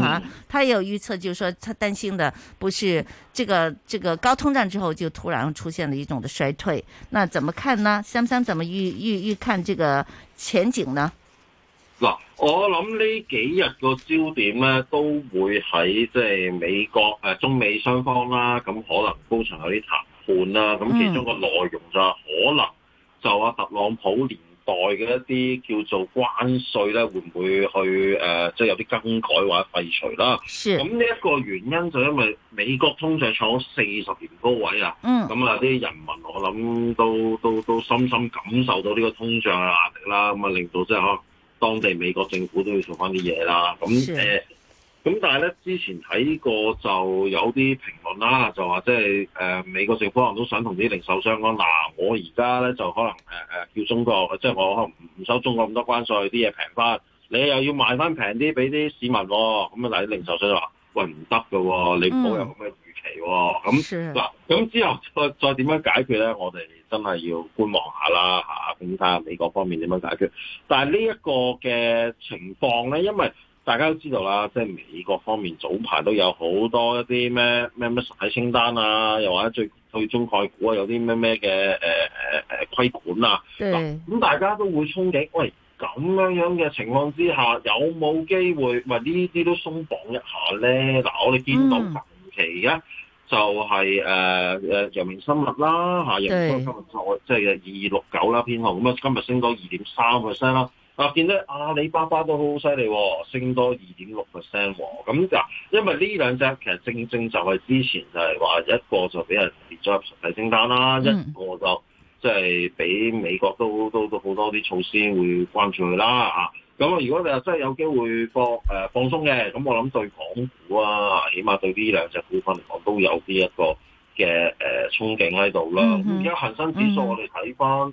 啊、嗯，他有預測，就是說他擔心的不是這個這個高通脹之後就突然出現了一種的衰退，那怎麼看呢？三三，怎麼預預預看這個前景呢？嗱、嗯，我諗呢幾日個焦點呢都會喺即係美國誒、呃，中美雙方啦，咁可能高層有啲談判啦，咁其中個內容就可能就阿特朗普連。代嘅一啲叫做關稅咧，會唔會去誒，即係有啲更改或者廢除啦？咁呢一個原因就因為美國通脹創咗四十年高位啊，咁啊啲人民我諗都都都深深感受到呢個通脹嘅壓力啦，咁啊令到即係可能當地美國政府都要做翻啲嘢啦。咁誒。咁但係咧，之前睇過就有啲評論啦，就話即係誒美國政府可能都想同啲零售商講，嗱、啊、我而家咧就可能誒、呃、叫中國，即、呃、係、就是、我可能唔唔收中國咁多關稅，啲嘢平翻，你又要賣翻平啲俾啲市民，咁啊啲零售商就話，喂唔得喎，你冇有咁嘅預期、哦，咁、嗯、嗱，咁之後再再點樣解決咧？我哋真係要觀望下啦嚇，睇、啊、下美國方面點樣解決。但係呢一個嘅情況咧，因為大家都知道啦，即係美國方面早排都有好多一啲咩咩咩甩清單啊，又或者最推中概股啊，有啲咩咩嘅誒誒誒規管啊。咁大家都會憧憬，喂咁樣樣嘅情況之下，有冇機會喂呢啲都鬆綁一下咧？嗱、嗯，我哋見到近期咧、啊、就係誒誒陽明生物啦，嚇陽明生物即係二六九啦，偏紅咁啊，今日升咗二點三 percent 啦。嗱，見得阿里巴巴都好犀利，升多二點六 percent 喎。咁嗱，因為呢兩隻其實正正就係之前就係話一個就俾人跌咗入實體清單啦，一個就即係俾美國都都都好多啲措施會關注佢啦。咁、啊、如果你話真係有機會放誒放鬆嘅，咁我諗對港股啊，起碼對呢兩隻股份嚟講都有啲一個嘅誒、呃、憧憬喺度啦。而家恒生指數我哋睇翻。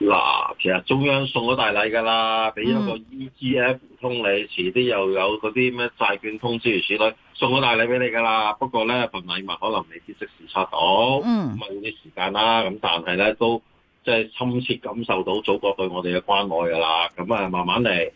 嗱，其實中央送咗大禮㗎啦，俾咗個 E G F 通你，遲啲又有嗰啲咩債券通知如此類，送咗大禮俾你㗎啦。不過咧，份禮物可能未必即時刷到，咁啊要啲時間啦。咁但係咧，都即係深切感受到祖國對我哋嘅關愛㗎啦。咁啊，慢慢嚟。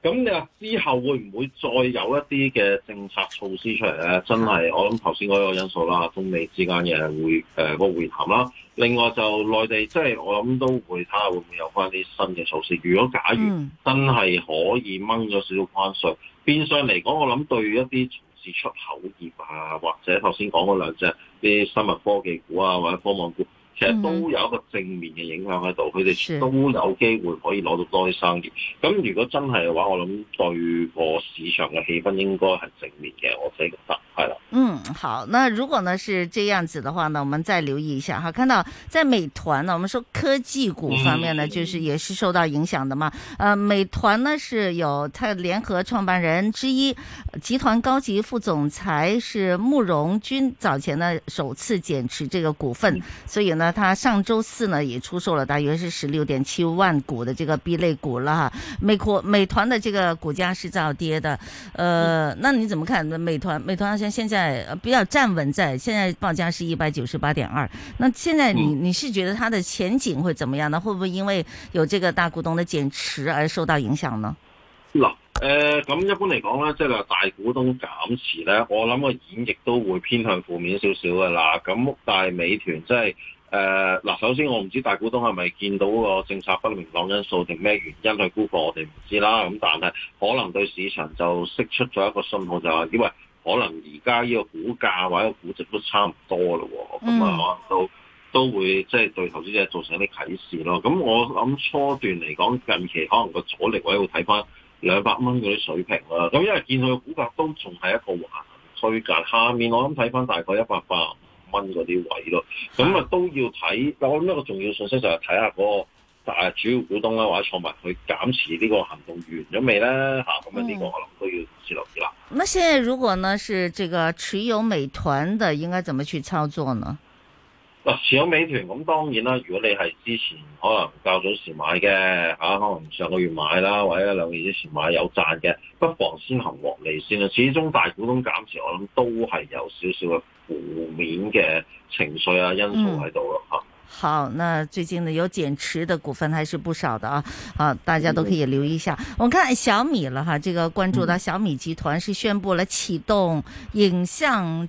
咁你話之後會唔會再有一啲嘅政策措施出嚟咧？真係我諗頭先嗰個因素啦，中美之間嘅會誒、呃那個會談啦。另外就內地即係我諗都會睇下會唔會有翻啲新嘅措施。如果假如真係可以掹咗少少關稅，變相嚟講，我諗對一啲從事出口業啊，或者頭先講嗰兩隻啲生物科技股啊，或者科網股。其實都有一個正面嘅影響喺度，佢哋、mm-hmm、都有機會可以攞到多啲生意。咁如果真係嘅話，我諗對個市場嘅氣氛應該係正面嘅，我自己覺得係啦。嗯，好，那如果呢是這樣子嘅話呢，我們再留意一下哈。看到在美團呢，我們說科技股方面呢、嗯，就是也是受到影響的嘛。呃，美團呢是有，他聯合創辦人之一，集團高級副總裁是慕容軍，早前呢首次減持這個股份，嗯、所以呢。他上週四呢，也出售了大約是十六點七萬股的這個 B 類股啦。美國美團的這個股價是造跌的，呃，嗯、那你怎麼看美？美團美團好像現在比較站穩在，現在報價是一百九十八點二。那現在你你是覺得它的前景會怎麼樣呢？呢、嗯、會不會因為有這個大股東的減持而受到影響呢？嗱、嗯，呃、嗯，咁、嗯嗯、一般嚟講呢，即係話大股東減持呢，我諗個演繹都會偏向負面少少嘅啦。咁但係美團即係。誒，嗱，首先我唔知大股東係咪見到個政策不明朗因素定咩原因去沽貨，我哋唔知啦。咁但係可能對市場就釋出咗一個信號，就話因為可能而家呢個股價或者個估值都差唔多咯，咁啊可能都都會即係對投資者造成一啲啟示咯。咁我諗初段嚟講，近期可能個阻力位會睇翻兩百蚊嗰啲水平啦。咁因為見佢個股價都仲係一個橫推價，下面我諗睇翻大概一百八。蚊啲位咯，咁啊都要睇。我諗一個重要信息就係睇下嗰個大主要股東啦，或者創文去減持呢個行動完咗未咧？吓，咁樣呢個可能都要留意啦。那現在如果呢是這個持有美團的，應該怎麼去操作呢？持有美團咁當然啦。如果你係之前可能較早時買嘅嚇、啊，可能上個月買啦，或者兩個月之前買有賺嘅，不妨先行獲利先啦。始終大股東減持，我諗都係有少少嘅負面嘅情緒啊，因素喺度咯嚇。好，那最近呢有減持的股份還是不少的啊，啊，大家都可以留意一下。我們看小米了哈、啊，這個關注到小米集團是宣布了啟動影像。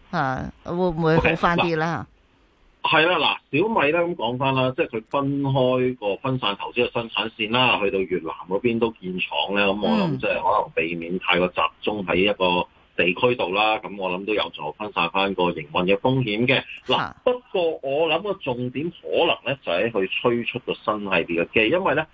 啊，會唔會好快啲咧？係、okay, 啦，嗱，小米咧咁講翻啦，即係佢分開個分散投資嘅生產線啦，去到越南嗰邊都建廠咧，咁、嗯、我諗即係可能避免太過集中喺一個地區度啦。咁我諗都有助分散翻個營運嘅風險嘅。嗱、啊，不過我諗個重點可能咧就係佢推出個新系列嘅機，因為咧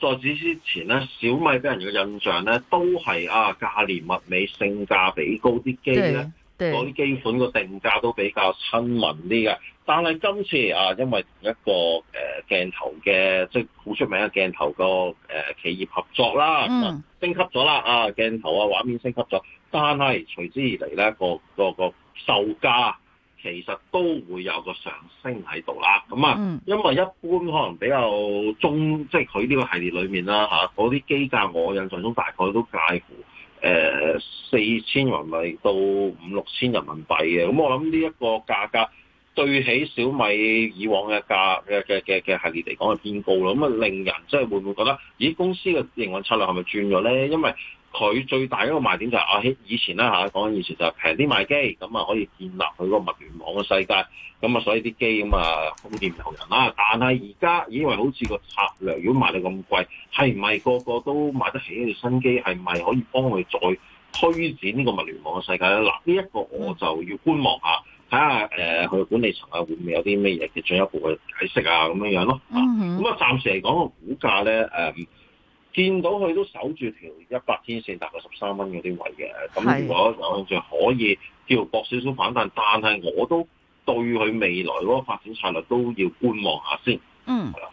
在此之前咧，小米俾人嘅印象咧都係啊價廉物美、性價比高啲機咧。嗰啲機款個定價都比較親民啲嘅，但係今次啊，因為同一個誒鏡頭嘅即係好出名嘅鏡頭個誒企業合作啦、嗯，升級咗啦啊鏡頭啊畫面升級咗，但係隨之而嚟咧個個個售價其實都會有個上升喺度啦，咁啊，因為一般可能比較中即係佢呢個系列裏面啦嚇嗰啲機價我印象中大概都介乎。誒四千人民幣到五六千人民幣嘅，咁我諗呢一個價格。對起小米以往嘅價嘅嘅嘅嘅系列嚟講係偏高咯，咁啊令人即係會唔會覺得，咦公司嘅營運策略係咪轉咗咧？因為佢最大一個賣點就係啊，喺以前啦嚇，講緊以前就係平啲賣機，咁啊可以建立佢個物聯網嘅世界，咁啊所以啲機咁啊瘋電牛人啦、啊。但係而家以為好似個策略，如果賣到咁貴，係唔係個個都買得起新機？係唔係可以幫佢再推展呢個物聯網嘅世界咧？嗱、啊，呢、這、一個我就要觀望一下。睇下誒，佢、呃、管理層啊，會唔會有啲咩嘢嘅進一步嘅解釋啊，咁樣樣咯。咁、mm -hmm. 啊，暫時嚟講個股價咧，誒、呃，見到佢都守住條一百天線到，大概十三蚊嗰啲位嘅。咁如果向上可以叫搏少少反彈，但係我都對佢未來嗰個發展策略都要觀望一下先。嗯、mm -hmm。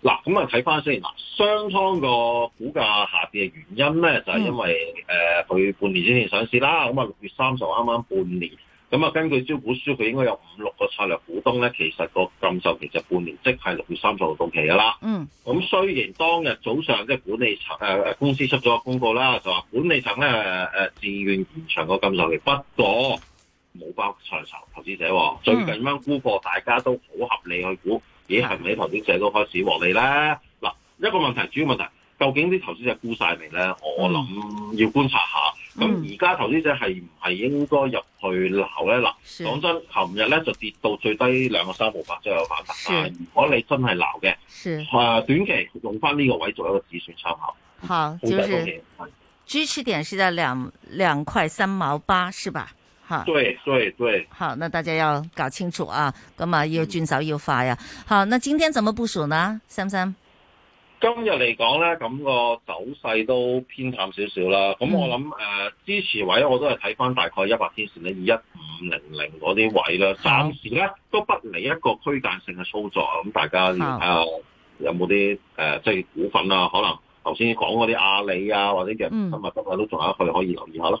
嗱、啊，咁啊睇翻先看看，嗱，商湯個股價下跌嘅原因咧，就係、是、因為誒佢、嗯呃、半年之前上市啦，咁啊六月三十號啱啱半年，咁啊根據招股書，佢應該有五六個策略股東咧，其實個禁售期就半年，即係六月三十號到期噶啦。嗯。咁、啊、雖然當日早上即係管理層公司出咗個公告啦，就話管理層咧自願延長個禁售期，不過冇包策略投資者。喎、嗯。最近啱估破，大家都好合理去估。咦，係咪投資者都開始獲利咧？嗱，一個問題，主要問題，究竟啲投資者沽晒未咧？我諗要觀察下。咁而家投資者係唔係應該入去鬧咧？嗱，講真，琴日咧就跌到最低兩個三毫八，係有反彈。但如果你真係鬧嘅，係、呃、短期用翻呢個位做一個止損參考。好，就是、就是、是，是支持點是在兩兩塊三毛八，是吧？對對對，好，那大家要搞清楚啊，咁啊要轉手要快呀、啊，好，那今天怎麼部署呢？Samson 今日嚟講咧，咁、那個走勢都偏淡少少啦，咁、嗯、我諗誒、呃，支持位我都係睇翻大概一百天線咧，二一五零零嗰啲位啦。暫時咧都不嚟一個區間性嘅操作，咁大家要睇下有冇啲誒即係股份啊，可能頭先講嗰啲阿里啊，或者其他生物科都仲有一可以留意下咯。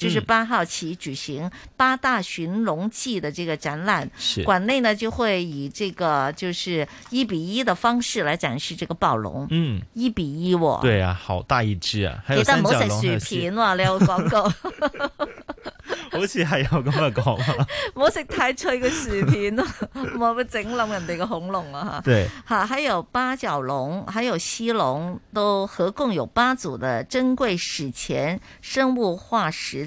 就是八號起舉行“八大尋龍記”的這個展覽，館、嗯、內呢就會以這個就是一比一的方式來展示這個暴龍，嗯，一比一喔，對啊，好大一隻啊！記得唔好食薯片哇、啊，你有講過， 好似係有咁樣講，唔 好食太脆嘅薯片咯、啊，唔好整冧人哋嘅恐龍啊吓。對，吓，還有八角龍，還有蜥龍，都合共有八組的珍貴史前生物化石。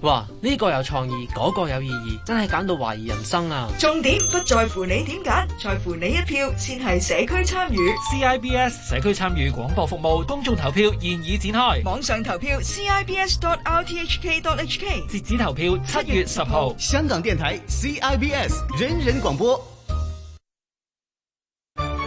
哇！呢個有創意，嗰個有意義，真係揀到懷疑人生啊！重點不在乎你點揀，在乎你一票先係社區參與。CIBS 社區參與廣播服務公眾投票現已展開，網上投票 cibs.rthk.hk，截止投票七月十號。香港電台 CIBS 人人廣播。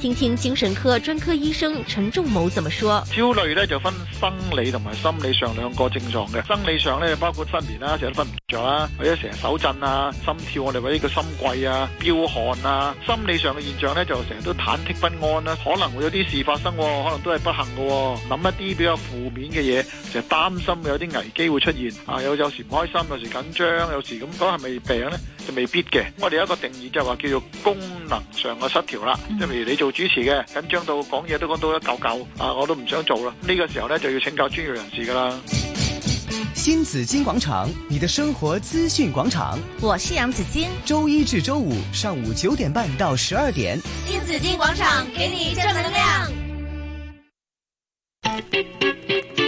聽聽精神科專科醫生陳仲謀怎麼說：焦慮咧就分生理同埋心理上兩個症狀嘅，生理上咧包括失眠啦、啊，成日瞓唔着啦，或者成日手震啊、心跳我哋或者個心悸啊、飆汗啊；心理上嘅現象咧就成日都忐忑不安啦、啊，可能會有啲事發生、哦，可能都係不幸嘅、哦，諗一啲比較負面嘅嘢，成日擔心有啲危機會出現，啊有有時唔開心，有時緊張，有時咁講係咪病咧？未必嘅、嗯，我哋有一個定義就係話叫做功能上嘅失調啦，即係譬如你做主持嘅，緊張到講嘢都講到一嚿嚿，啊我都唔想做啦，呢、這個時候咧就要請教專業人士噶啦。新紫荊廣場，你的生活資訊廣場，我是楊子矜，周一至周五上午九點半到十二點，新紫荊廣場給你正能量。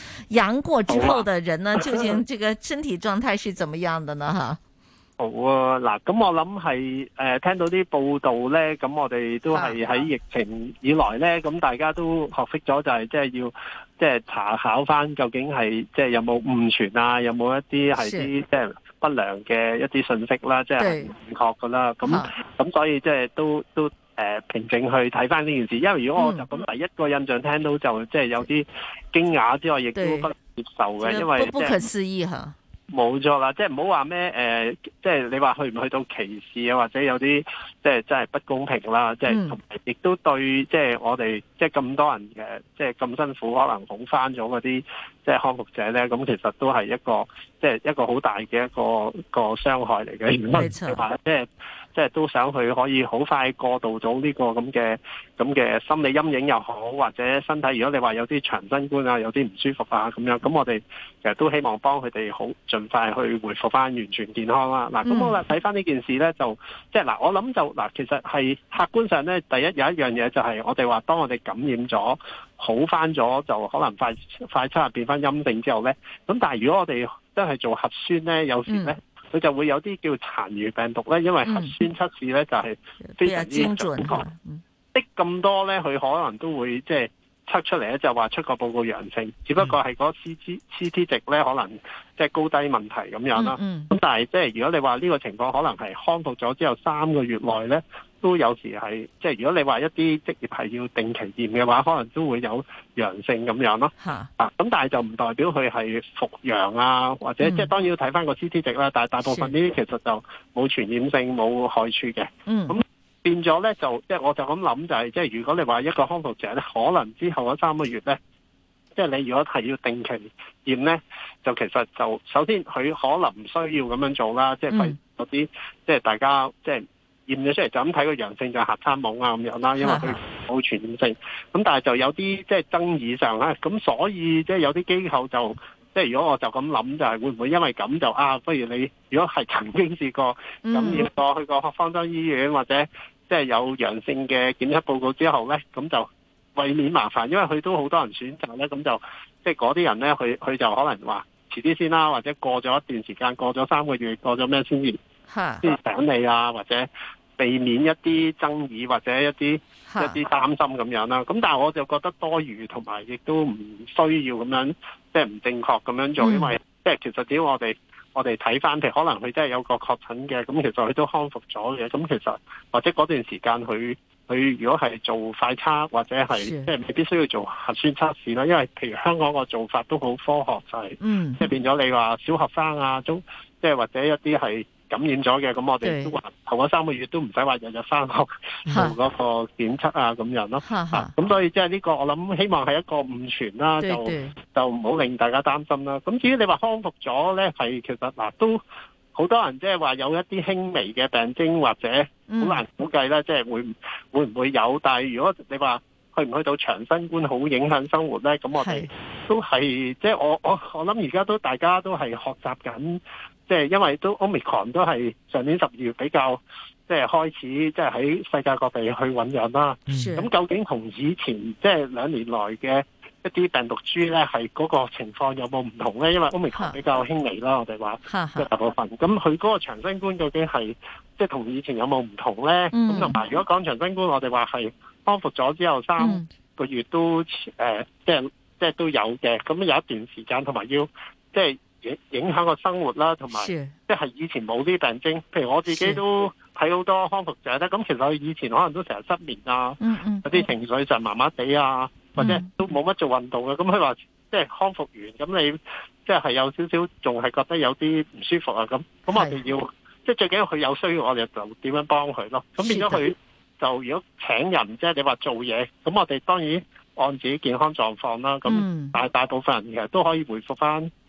陽過之後嘅人呢、啊，究竟這個身體狀態是怎麼樣的呢？哈，好啊，嗱，咁我諗係誒，聽到啲報道咧，咁我哋都係喺疫情以來咧，咁、啊、大家都學識咗就係即係要即係、就是、查考返究竟係即係有冇誤傳啊，有冇一啲係啲即係不良嘅一啲信息啦，即係唔確噶啦，咁咁、啊、所以即係都都。都誒、呃，平靜去睇翻呢件事，因為如果我就咁第一個印象聽到，嗯、就即係有啲驚訝之外，亦都不能接受嘅，因為不，不可思議吓，啊，冇錯啦，即係唔好話咩誒，即、呃、係、就是、你話去唔去到歧視啊，或者有啲即係真係不公平啦，即係同埋亦都對，即、就、係、是、我哋即係咁多人嘅，即係咁辛苦，可能捧翻咗嗰啲即係康復者咧，咁其實都係一個即係、就是、一個好大嘅一個一個傷害嚟嘅，唔即係。即係都想去可以好快過渡到呢個咁嘅咁嘅心理陰影又好，或者身體，如果你話有啲長新冠啊，有啲唔舒服啊咁樣，咁我哋其實都希望幫佢哋好盡快去回復翻完全健康啦。嗱、嗯，咁我啦睇翻呢件事咧，就即係嗱，我諗就嗱，其實係客觀上咧，第一有一樣嘢就係我哋話，當我哋感染咗好翻咗，就可能快快七日變翻陰性之後咧，咁但係如果我哋真係做核酸咧，有時咧。嗯佢就會有啲叫殘餘病毒咧，因為核酸測試咧、嗯、就係、是、非常之準確、啊，啲咁多咧，佢可能都會即係測出嚟咧，就話出個報告陽性，只不過係嗰 C T C T 值咧可能。即係高低問題咁樣啦，咁、嗯嗯、但係即係如果你話呢個情況可能係康復咗之後三個月內咧，都有時係即係如果你話一啲職業係要定期驗嘅話，可能都會有陽性咁樣咯。嚇！咁、啊、但係就唔代表佢係復陽啊，或者、嗯、或者即係當然要睇翻個 CT 值啦。但係大部分呢啲其實就冇傳染性、冇害處嘅。嗯。咁變咗咧，就即係我就咁諗就係、是，即係如果你話一個康復者咧，可能之後嗰三個月咧。即係你如果係要定期驗咧，就其實就首先佢可能唔需要咁樣做啦。嗯、即係嗰啲即係大家即係驗咗出嚟就咁睇個陽性就核酸網啊咁樣啦，嗯、因為佢冇傳染性。咁但係就有啲即係爭議上啦。咁所以即係有啲機構就即係如果我就咁諗就係、是、會唔會因為咁就啊，不如你如果係曾經試過感染過、嗯、去過方艙醫院或者即係有陽性嘅檢測報告之後咧，咁就。為免麻煩，因為佢都好多人選擇咧，咁就即係嗰啲人咧，佢佢就可能話遲啲先啦，或者過咗一段時間，過咗三個月，過咗咩先至，先 醒你啊，或者避免一啲爭議或者一啲 一啲擔心咁樣啦。咁但係我就覺得多餘，同埋亦都唔需要咁樣，即係唔正確咁樣做，因為即係 其實只要我哋我哋睇翻，譬如可能佢真係有個確診嘅，咁其實佢都康復咗嘅，咁其實或者嗰段時間佢。佢如果係做快測或者係即係未必需要做核酸測試啦，因為譬如香港個做法都好科學，就係即係變咗你話小學生啊，中即係或者一啲係感染咗嘅，咁我哋都話頭嗰三個月都唔使話日日返學做嗰個檢測啊咁樣咯，嚇咁、啊、所以即係呢個我諗希望係一個誤傳啦，就對對就唔好令大家擔心啦。咁至於你話康復咗咧，係其實嗱、啊、都。好多人即係話有一啲輕微嘅病徵或者好難估計啦，即、嗯、係、就是、會會唔會有？但係如果你話去唔去到長新冠好影響生活咧，咁我哋都係即係我我我諗而家都大家都係學習緊，即、就、係、是、因為都 Omicron 都係上年十二月比較即係、就是、開始即係喺世界各地去醞釀啦。咁究竟同以前即係兩年內嘅？一啲病毒株咧，係嗰個情況有冇唔同咧？因為歐美比較輕微啦，我哋話大部分咁，佢嗰個長新冠究竟係即係同以前有冇唔同咧？咁同埋如果講長新冠，我哋話係康復咗之後三個月都、嗯呃、即係即係都有嘅。咁有一段時間同埋要即係影影響個生活啦，同埋即係以前冇啲病徵。譬如我自己都睇好多康復者咧，咁其實以前可能都成日失眠啊，嗯嗯、有啲情緒上麻麻地啊。嗯嗯或者都冇乜做運動嘅，咁佢話即係康復完，咁你即係有少少，仲係覺得有啲唔舒服啊咁，咁我哋要即係最緊要佢有需要，我哋就點樣幫佢咯。咁變咗佢就如果請人即係你話做嘢，咁我哋當然按自己健康狀況啦。咁大大部分人其實都可以回復翻。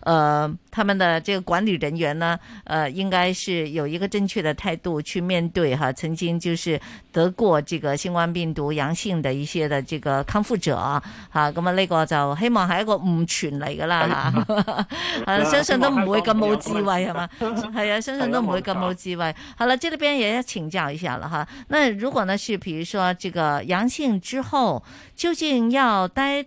呃，他們的這個管理人員呢，呃，應該是有一個正確的態度去面對哈，曾經就是得過這個新冠病毒陽性的一些的這個康復者啊，哈，那麼那個就希望係一個誤傳來的啦哈，呃、哎，相 信、哎、呀 都唔會咁冇智慧係嘛，係 啊、哎，相信都唔會咁冇智慧。好了，這裏邊也要請教一下了哈，那如果呢是比如說這個陽性之後，究竟要待？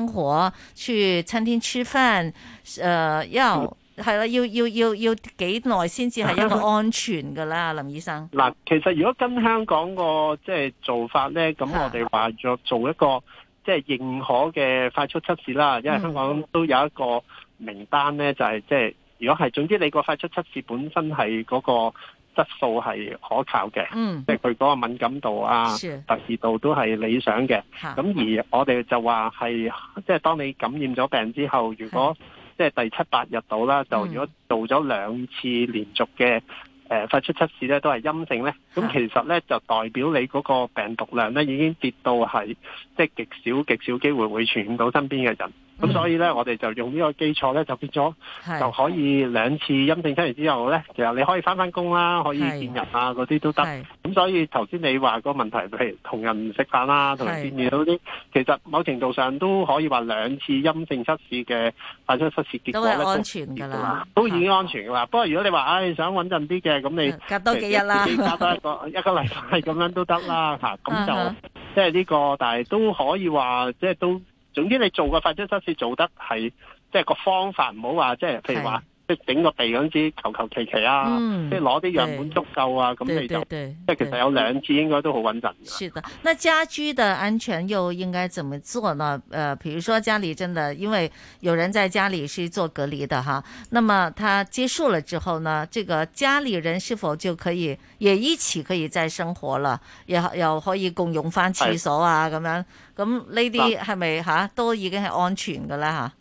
生活去餐廳吃飯，誒、呃，因為係啦，要要要要幾耐先至係一個安全噶啦， 林醫生。嗱，其實如果跟香港個即係做法咧，咁我哋話咗做一個即係、就是、認可嘅快速測試啦， 因為香港都有一個名單咧，就係即係如果係，總之你個快速測試本身係嗰、那個。質素係可靠嘅，即係佢嗰個敏感度啊、特異度都係理想嘅。咁、嗯、而我哋就話係，即、就、係、係、當你感染咗病之後，係如果即係、就係、第七八日到啦，就如果做咗兩次連續嘅誒、呃、發出測試咧，都係陰性咧，咁、嗯、其實咧就代表你嗰個病毒量咧已經跌到係即係極少極少機會會傳染到身邊嘅人。咁所以咧，我哋就用呢個基礎咧，就變咗就可以兩次陰性出嚟之後咧，其實你可以返返工啦，可以見人啊嗰啲都得。咁所以頭先你話個問題譬如同人唔食飯啦，同埋見面嗰啲，其實某程度上都可以話兩次陰性測試嘅快速測試結果都係安全㗎啦，都已經安全㗎啦。不過如果你話唉想穩陣啲嘅，咁你隔多幾日啦，隔多一個一個禮拜咁樣都得啦嚇。咁就即係呢個，但係都可以話即係都。總之你做個發展措施做得係，即係個方法，唔好話即係譬如話。即整個地嗰陣求求其其啊，即係攞啲樣本足夠啊，咁你就即係其實有兩次應該都好穩陣。是的，那家居的安全又應該怎麼做呢？誒、呃，比如說家裏真的因為有人在家裏是做隔離的哈，那麼他結束了之後呢，這個家裏人是否就可以也一起可以再生活了？又又可以共用翻廁所啊？咁樣咁呢啲係咪吓都已經係安全噶啦吓？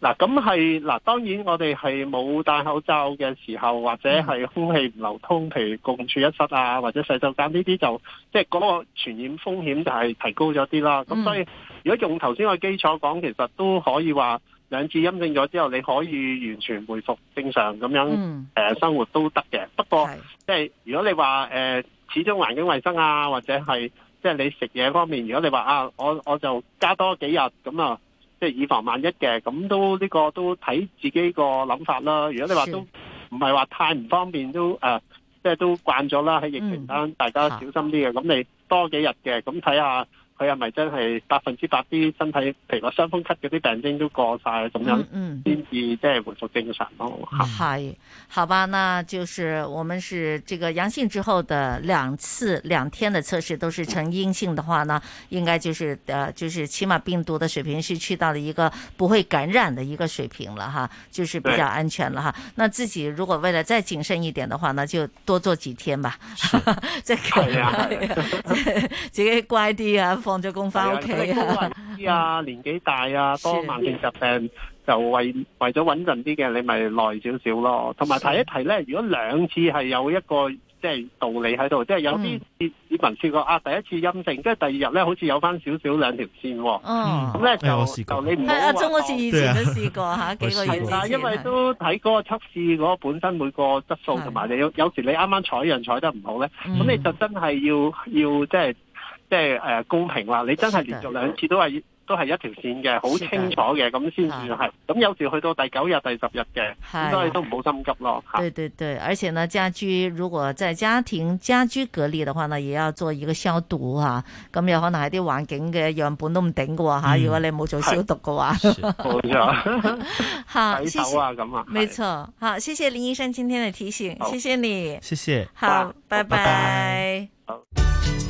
嗱，咁係嗱，當然我哋係冇戴口罩嘅時候，或者係空氣唔流通，譬如共處一室啊，或者洗手間呢啲，就即係嗰個傳染風險就係提高咗啲啦。咁、嗯、所以，如果用頭先個基礎講，其實都可以話兩次陰性咗之後，你可以完全回復正常咁樣、嗯呃、生活都得嘅。不過，即係如果你話誒、呃，始終環境衛生啊，或者係即係你食嘢方面，如果你話啊，我我就加多幾日咁啊。即係以防萬一嘅，咁都呢、這個都睇自己個諗法啦。如果你話都唔係話太唔方便，都呃即係都慣咗啦。喺疫情間、嗯，大家小心啲嘅，咁、啊、你多幾日嘅，咁睇下。佢係咪真係百分之百啲身體，譬如話傷風咳嗰啲病徵都過晒咁樣，先至即係回復正常咯。係、嗯，好吧，那就是我們是這個陽性之後的兩次兩天的測試都是呈陰性的話呢，嗯、應該就是呃就是起碼病毒的水平是去到了一個不會感染的一個水平了哈，就是比較安全了哈。那自己如果為了再謹慎一點的話呢，呢就多做幾天吧。係 是啊，自 己乖啲啊。放咗工翻屋企好啊！啲、嗯、啊，年紀大啊，多慢性疾病就為為咗穩陣啲嘅，你咪耐少少咯。同埋提一提咧，如果兩次係有一個即係、就是、道理喺度，即、就、係、是、有啲市民試過啊，第一次陰性，跟住第二日咧好似有翻少少兩條線喎、啊。咁、嗯、咧、嗯、就、哎、就你唔好係啊，鍾好似以前都試過吓、啊、幾個月。係啊，因為都睇嗰個測試嗰本身每個質素同埋，有你有時你啱啱採樣採得唔好咧，咁、嗯、你就真係要要即係。就是即係誒公平啦，你真係連續兩次都係都係一條線嘅，好清楚嘅，咁先算係。咁有時去到第九日、第十日嘅，所以都唔好心急咯。嚇！對對對，而且呢，家居如果在家庭家居隔離嘅話呢，也要做一個消毒啊。咁有可能係啲環境嘅樣本都唔頂嘅喎、嗯、如果你冇做消毒嘅話，冇錯嚇。洗手啊咁啊，冇錯好，謝謝林醫生今天嘅提醒，謝謝你，謝謝。好，拜拜。拜拜。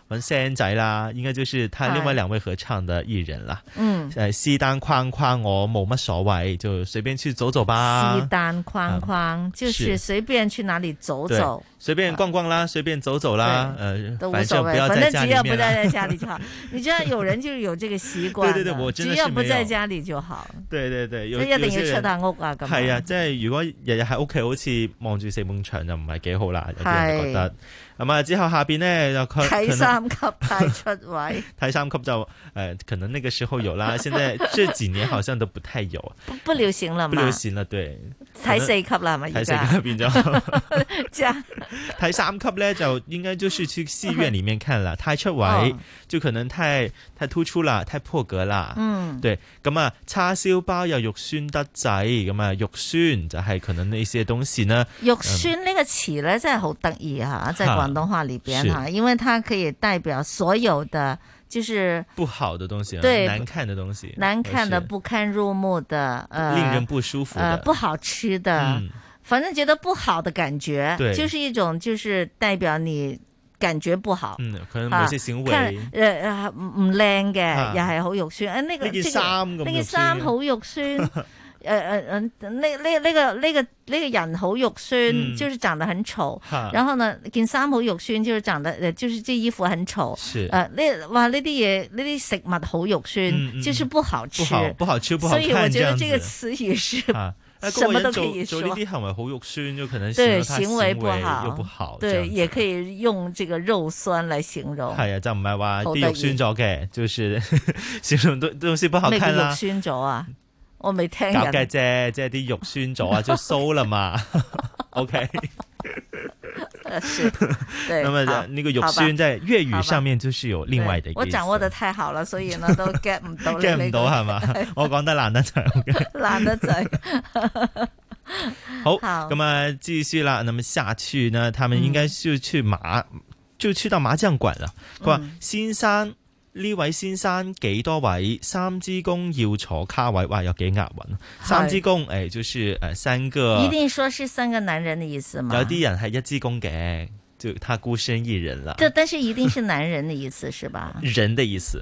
文生仔啦，應該就是他另外兩位合唱的藝人啦。嗯，西單框框我冇乜所謂，就隨便去走走吧。西單框框、啊、就是隨便去哪裏走走，隨便逛逛啦，隨便走走啦，誒、啊，都無所謂、呃反，反正只要不在家裏就好。 你知道有人就有這個習慣 對對對對我，只要不在家裏就好。 對對對，一定要出到屋啊，咁係啊，即係如果日日喺屋企，好似望住四面牆就唔係幾好啦，有啲人就覺得。咁啊，之後下邊咧就睇三級太出位，睇三級就誒、呃，可能那個時候有啦， 現在這幾年好像都不太有，不不流行啦，不流行啦，對，睇四級啦嘛，係咪？睇四級變咗，睇 三級咧就應該就是去戲院裏面看了，太、okay. 出位就可能太太突出啦，太破格啦，嗯，對，咁啊叉燒包有肉酸得滯，咁啊肉酸就係可能那些東西呢，肉酸呢個詞咧、嗯、真係好得意啊，即係動畫裏邊哈，因為它可以代表所有的，就是不好的東西、啊，對，難看的東西，難看的、不堪入目的，呃，令人不舒服的，呃，不好吃的、嗯，反正覺得不好的感覺，對就是一種，就是代表你感覺不好。嗯，啊、可能有些行為，誒、啊、呃，唔唔靚嘅，又、嗯、係、啊、好肉酸。誒、呃，呢、呢個呢件衫咁，呢件衫好肉酸。 誒誒誒，呢呢呢個呢、那個呢、那個人好肉酸，就是長得很醜、嗯。然後呢，件衫好肉酸，就是長得，就是這衣服很醜。誒，呢話呢啲嘢，呢啲食物好肉酸、嗯嗯，就是不好吃。不好，不好吃，不好看。所以我覺得呢個詞語是，什麼都可以說。呢啲行為好肉酸，就可能對行，行為不好，又不好。對，也可以用這個肉酸嚟形容。係啊，就唔係話肉酸咗嘅、哎，就是形容 東西不好看、啊那個、肉酸咗啊？我未聽。夾嘅啫，即係啲肉酸咗啊，就酥啦嘛。 OK。咁 啊，呢對、 呢個肉酸，即係粵語上面就是有另外嘅的意思。我掌握得太好了，所以呢 都 get 唔到。get 唔到係嘛？ 我講得爛得滯。爛、okay、 得滯很 好。咁啊，繼續啦。咁啊，下去呢，他們應該就去麻、嗯，就去到麻將館啦。佢、嗯、話：先生。呢位先生幾多位？三支公要坐卡位，哇，有幾押韻、哎。三支公誒，就是誒、呃、三個，一定說是三個男人的意思嘛？有啲人係一支公嘅，就他孤身一人啦。但但是一定是男人的意思， 是吧？人的意思。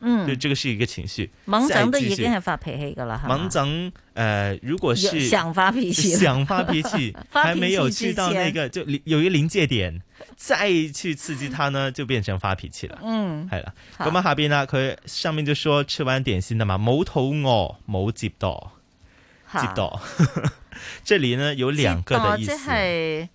嗯，就這個是一個情緒，忟憎都已經係發脾氣㗎啦，忟憎呃，如果是想發脾氣， 想發脾氣，還沒有去到那個就有一個臨界點發，再去刺激他呢，就變成發脾氣啦。嗯，係啦，咁下邊呢佢上面就說吃完點心的嘛，冇肚餓冇接墮，接墮，這裏呢有兩個的意思，即係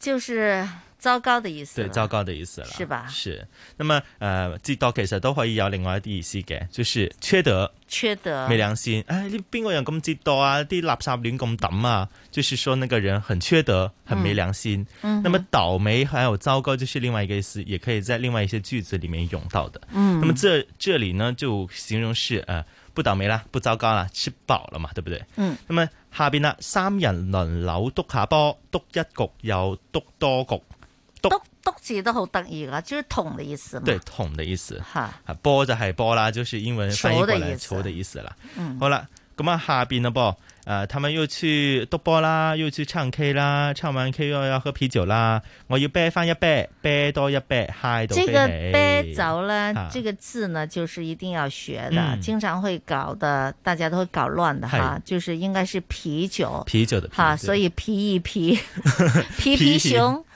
就是。糟糕的意思，對，糟糕的意思了，是吧？是。那麼，呃，幾道 c a 都可以要另外一啲意思嘅，就是缺德、缺德、沒良心。哎，你邊個人咁幾道啊？啲垃圾亂咁抌啊！就是說那個人很缺德，很沒良心。嗯。那麼倒霉還有糟糕，就是另外一個意思，也可以在另外一些句子裏面用到的。嗯。那麼這這裏呢，就形容是呃不倒霉啦，不糟糕啦吃飽了嘛，對不對？嗯。那麼下邊呢三人輪流督下波，督一局又督多局。督字都好得意啦，就是桶的意思嘛。對，桶的意思。吓，波就係波啦，就是英文翻譯過來的意，的意思啦。嗯。好啦，咁啊下邊啦，噃，誒，他們又去督波啦，又去唱 K 啦，唱完 K 又要喝啤酒啦，我要啤翻一杯，啤多一杯。high 到飛起。啤酒啦，這個字呢，就是一定要學的、嗯，經常會搞的，大家都會搞亂的哈。嗯，就是、是就是應該是啤酒，啤酒的啤酒。好，所以啤一啤， 啤，啤， 啤啤熊。啤啤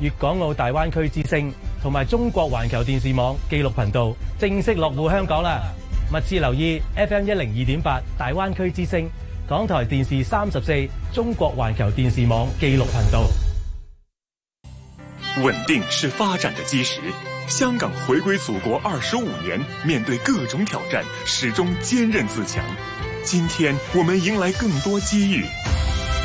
粵港澳大灣區之聲同埋中國環球電視網紀錄頻道正式落戶香港啦！密切留意 FM 一零二點八大灣區之聲、港台電視三十四、中國環球電視網紀錄頻道。穩定是發展的基石。香港回歸祖國二十五年，面對各種挑戰，始終堅韌自強。今天我們迎來更多機遇。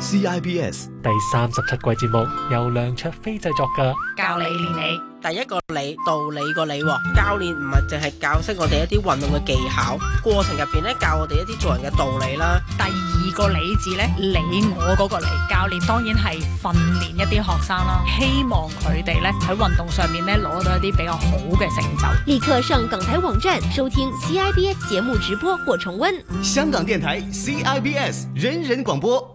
CIBS 第三十七季節目由梁卓飛製作嘅，教你練你第一個理，道理個理。哦，教練唔係淨係教識我哋一啲運動嘅技巧，過程入邊咧教我哋一啲做人嘅道理啦。第二個理字咧，理我嗰個理。教練當然係訓練一啲學生啦，希望佢哋咧喺運動上面咧攞到一啲比較好嘅成就。立刻上港台網站收聽 CIBS 節目直播或重溫。香港電台 CIBS 人人廣播。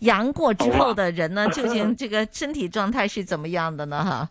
陽過之後嘅人呢，啊、 究竟這個身體狀態是怎麼樣的呢？哈，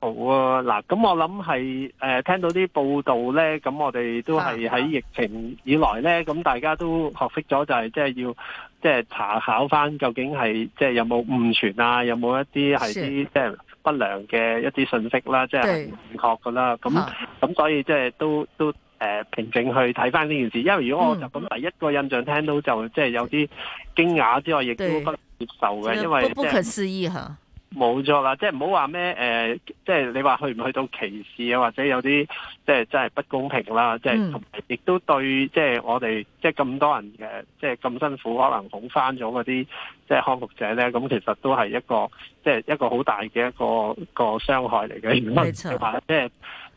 好啊，嗱，咁我諗係誒，聽到啲報道呢，咁我哋都係喺疫情以來呢，咁、啊啊、大家都學識咗就係即係要即係、就是、查考翻究竟係即係有冇誤傳啊，有冇一啲係啲即係不良嘅一啲信息啦，即係唔確噶啦，咁咁、啊、所以即係都都。都誒、呃，平靜去睇翻呢件事，因為如果我就咁第一個印象聽到、嗯、就即係有啲驚訝之外，亦都不能接受嘅，因為不，、就是、不可思議吓，冇錯啦、嗯，即係唔好話咩誒，即係你話去唔去到歧視啊，或者有啲即係真係不公平啦，即係同埋亦都對，即係我哋即係咁多人嘅，即係咁辛苦，可能捧翻咗嗰啲即係康復者咧，咁其實都係一個即係一個好大嘅一個一個傷害嚟嘅，唔、嗯、即係。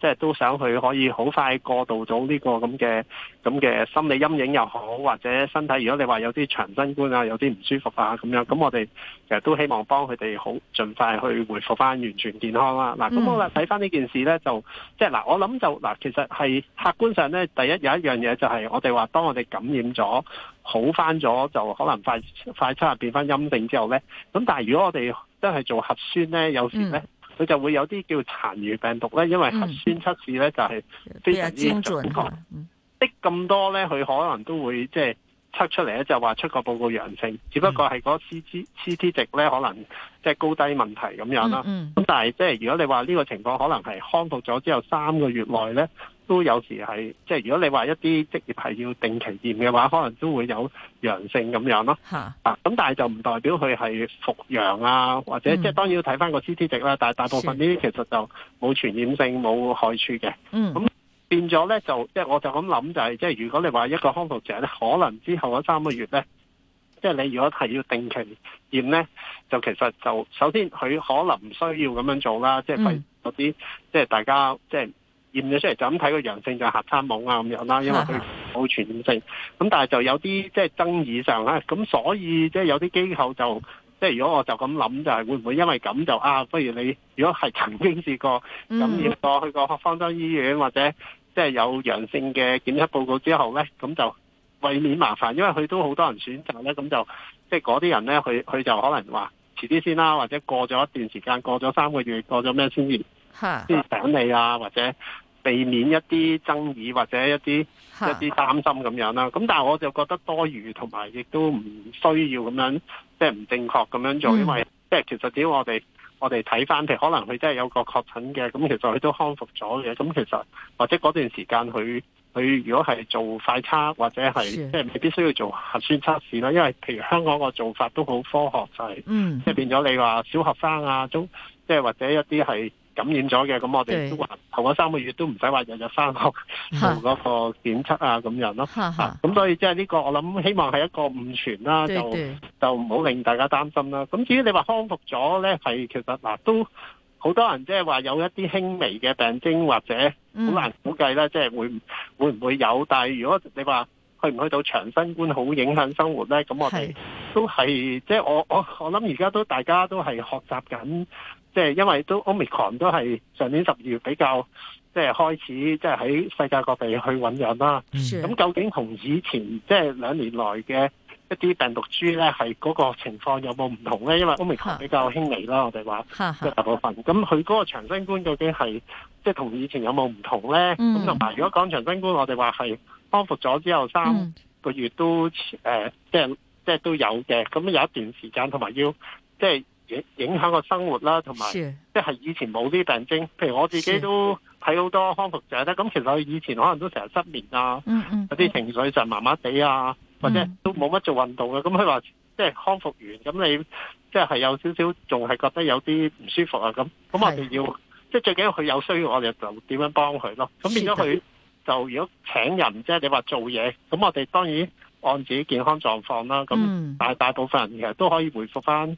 即係都想佢可以好快過渡到呢個咁嘅咁嘅心理陰影又好，或者身體，如果你話有啲長新冠啊，有啲唔舒服啊咁樣，咁我哋其實都希望幫佢哋好盡快去回復翻完全健康啦。嗱、嗯，咁我睇翻呢件事咧，就即係嗱，我諗就嗱，其實係客觀上咧，第一有一樣嘢就係我哋話，當我哋感染咗好翻咗，就可能快快七日變翻陰性之後咧，咁但係如果我哋真係做核酸咧，有時咧。嗯佢就會有啲叫殘餘病毒咧，因為核酸測試咧、嗯、就係、是、非常之準確的，的、嗯、咁多咧，佢可能都會即係測出嚟咧，就話出個報告陽性，只不過係嗰 C T C T 值咧可能。即、就、係、是、高低問題咁樣啦，咁、嗯嗯、但係即係如果你話呢個情況可能係康復咗之後三個月內咧，都有時係即係如果你話一啲職業係要定期驗嘅話，可能都會有陽性咁樣咯。咁、啊、但係就唔代表佢係復陽啊，或者即係、嗯就是、當然要睇翻個 CT 值啦。但係大部分呢啲其實就冇傳染性、冇害處嘅。嗯。咁變咗咧，就即係、就是、我就咁諗就係、是，即、就、係、是、如果你話一個康復者咧，可能之後嗰三個月咧。即係你如果係要定期驗咧，就其實就首先佢可能唔需要咁樣做啦。嗯、即係有啲即係大家即係驗咗出嚟就咁睇個陽性就合參網啊咁樣啦，因為佢冇傳染性。咁但係就有啲即係爭議上啦。咁所以即係有啲機構就即係如果我就咁諗就係、是、會唔會因為咁就啊，不如你如果係曾經試過咁驗過、嗯、去過方舟醫院或者即係有陽性嘅檢測報告之後咧，咁就。避免麻煩，因為佢都好多人選擇咧，咁就即係嗰啲人咧，佢佢就可能話遲啲先啦，或者過咗一段時間，過咗三個月，過咗咩先至先醒你啊，或者避免一啲爭議或者一啲 一啲擔心咁樣啦。咁但係我就覺得多餘同埋亦都唔需要咁樣，即係唔正確咁樣做，因為即係 其實只要我哋我哋睇翻，譬如可能佢真係有個確診嘅，咁其實佢都康復咗嘅，咁其實或者嗰段時間佢。佢如果係做快測或者係即係未必需要做核酸測試啦，因為譬如香港個做法都好科學，就係即係變咗你話小學生啊，都，即係或者一啲係感染咗嘅，咁我哋都話頭嗰三個月都唔使話日日返學做嗰個檢測啊咁樣咯。嚇咁、啊、所以即係呢個我諗希望係一個誤傳啦，就對對就唔好令大家擔心啦。咁至於你話康復咗咧，係其實嗱、啊、都。好多人即係話有一啲輕微嘅病徵，或者好難估計啦，即、嗯、係會會唔會有？但係如果你話去唔去到長新冠，好影響生活咧，咁我哋都係即係我我我諗而家都大家都係學習緊，即係因為都 Omicron 都係上年十二月比較即係開始即係喺世界各地去揾人啦。咁究竟同以前即係兩年來嘅，一啲病毒株咧，係嗰個情況有冇唔同咧？因為我 m i 比較輕微啦，我哋話即大部分。咁佢嗰個長新官究竟係即係同以前有冇唔同咧？咁同埋如果講長生官，我哋話係康復咗之後三個月都、嗯呃、即係即係都有嘅。咁有一段時間同埋要即係影影響個生活啦，同埋即係以前冇啲病徵。譬如我自己都睇好多康復者咧，咁其實以前可能都成日失眠啊，嗯嗯、有啲情緒就麻麻地啊。或者都冇乜做運動嘅，咁佢話即係康復完，咁你即係係有少少，仲係覺得有啲唔舒服啊咁。咁我哋要即係、就是、最緊要佢有需要，我哋就點樣幫佢咯。咁變咗佢就如果請人即係你話做嘢，咁、就是、我哋當然按自己健康狀況啦。咁但大、嗯、大部分人其實都可以回復翻。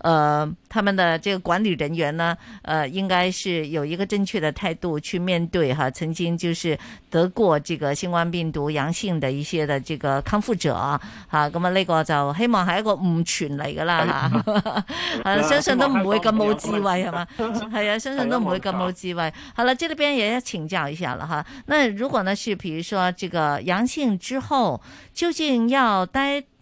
呃，他們的這個管理人員呢，呃，應該是有一個正確的態度去面對哈、啊，曾經就是得過這個新冠病毒陽性的一些的這個康復者啊，哈，那麼那個就希望還一個誤傳嚟嘅啦哈，相信都唔會咁冇智慧。係嘛，係啊，相、哎、信、 啊哎、都唔會咁冇智慧。好了，這裏邊也要請教一下了哈，那如果呢是比如說這個陽性之後，究竟要待？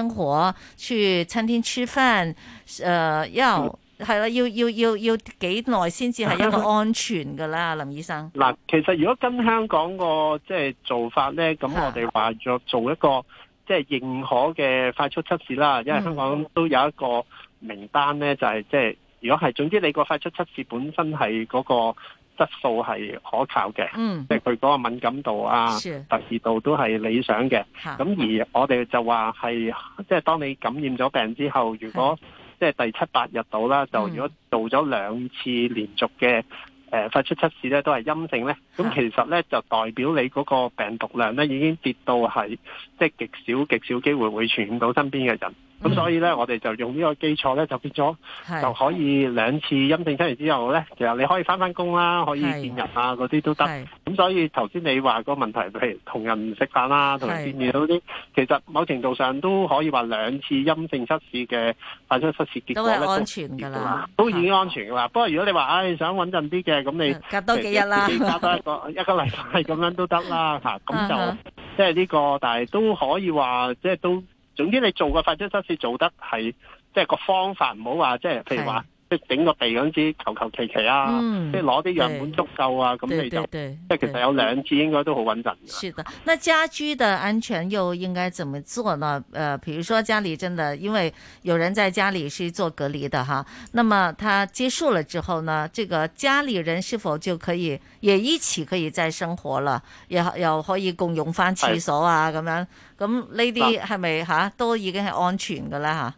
生活去餐廳吃飯，誒要係啦，要要要要幾耐先至係一個安全噶啦， 林醫生。嗱，其實如果跟香港個即係做法咧，咁我哋話要做一個即係、就是、認可嘅快速測試啦， 因為香港都有一個名單咧，就係即係如果係，總之你個快速測試本身係嗰、嗰個。質素係可靠嘅，即係佢嗰個敏感度啊、特異度都係理想嘅。咁、嗯、而我哋就話係，即、就、係、係、當你感染咗病之後，如果即係、就係、第七八日到啦，就如果做咗兩次連續嘅誒、呃、發出測試咧，都係陰性咧，咁、嗯、其實咧就代表你嗰個病毒量咧已經跌到係即係極少極少機會會傳染到身邊嘅人。咁所以咧，我哋就用呢個基礎咧，就變咗就可以兩次陰性出嚟之後咧，其實你可以翻翻工啦，可以見人啊嗰啲都得。咁所以頭先你話個問題，譬如同人唔食飯啦，同埋見面嗰啲，其實某程度上都可以話兩次陰性測試嘅快速測試結果咧都安全㗎啦，都已經安全㗎啦。不過如果你話唉想穩陣啲嘅，咁你隔多幾日啦，隔多一個一個禮拜咁樣都得啦嚇。咁就即係呢個，但係都可以話即係都。總之，你做個品質測試做得係，即係個方法，唔好話即係譬如話。即整個地嗰啲，求求其其啊，即係攞啲樣本足夠啊，咁你就即係其實有兩次應該都好穩陣嘅。是的，那家居的安全又應該怎麼做呢？誒、呃，比如說家裡真的因為有人在家裡是做隔離嘅。哈、啊，那麼他結束了之後呢，這個家裡人是否就可以也一起可以再生活了？又又可以共用翻廁所啊？咁樣咁呢啲係咪吓都已經係安全噶啦吓？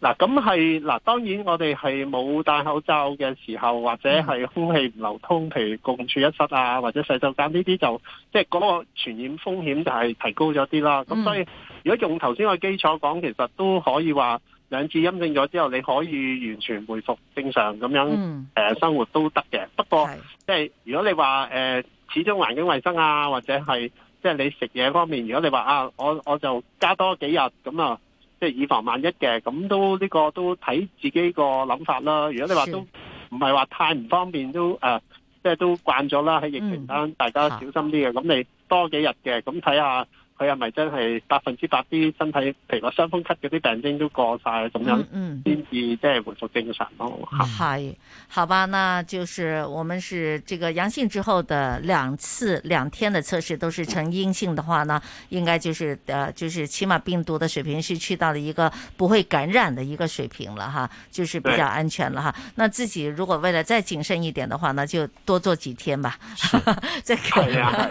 嗱，咁係嗱，當然我哋係冇戴口罩嘅時候，或者係空氣唔流通，譬如共處一室啊，或者洗手間呢啲就，即係嗰個傳染風險就係提高咗啲啦。咁、嗯、所以，如果用頭先個基礎講，其實都可以話兩次陰性咗之後，你可以完全回復正常咁樣誒、嗯呃、生活都得嘅。不過，即係如果你話誒、呃，始終環境衛生啊，或者係即係你食嘢方面，如果你話啊，我我就加多幾日咁啊。即係以防萬一嘅，咁都呢、這個都睇自己個諗法啦。如果你話都唔係話太唔方便，都呃即係都慣咗啦。喺疫情間、嗯，大家小心啲嘅。咁、啊、你多幾日嘅，咁睇下。佢係咪真係百分之百啲身體，譬如話傷風咳嗰啲病徵都過晒，咁樣，嗯，先至即係回復正常咯。係，好吧，那就是我們是這個陽性之後的兩次兩天的測試都是呈陰性的話呢，嗯、應該就是，呃，就是起碼病毒的水平是去到了一個不會感染的一個水平了哈，就是比較安全了哈。那自己如果為了再謹慎一點的話呢，呢就多做幾天吧。係 是啊，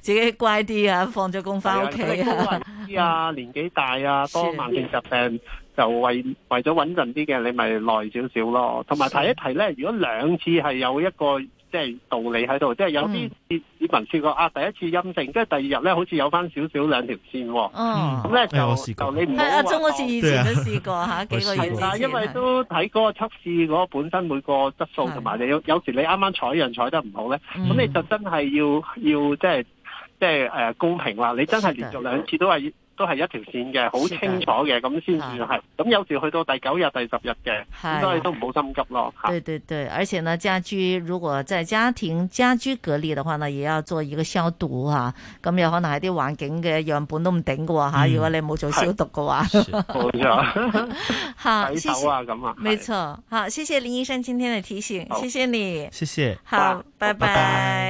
自己 乖啲啊！放咗工翻屋企啊！好、嗯、啊，年紀大啊，多慢性疾病，就為為咗穩陣啲嘅，你咪耐少少咯。同埋提一提咧，如果兩次係有一個即係、就是、道理喺度，即、就、係、是、有啲市民試過啊，第一次陰性，跟住第二日咧好似有翻少少兩條線喎、啊。咁、嗯、咧、嗯、就、哎、就你唔好係啊，鍾好似以前都試過嚇、啊、幾個月。係因為都睇嗰個測試嗰本身每個質素同埋，有你有時你啱啱採樣採得唔好咧，咁、嗯、你就真係要要即係。就是即係誒、呃、公平啦，你真係連續兩次都係都係一條線嘅，好清楚嘅，咁先至係。咁有時去到第九日、第十日嘅，咁所以你都唔好心急咯。對對對，而且呢，家居如果在家庭家居隔離嘅話呢，也要做一個消毒啊。咁有可能啲環境嘅樣本都唔頂嘅吓、啊、嗯，如果你冇做消毒嘅話，冇錯。吓， 洗手啊咁啊，冇錯好，謝謝林醫生今天嘅提醒，謝謝你，謝謝，好，拜拜。拜拜。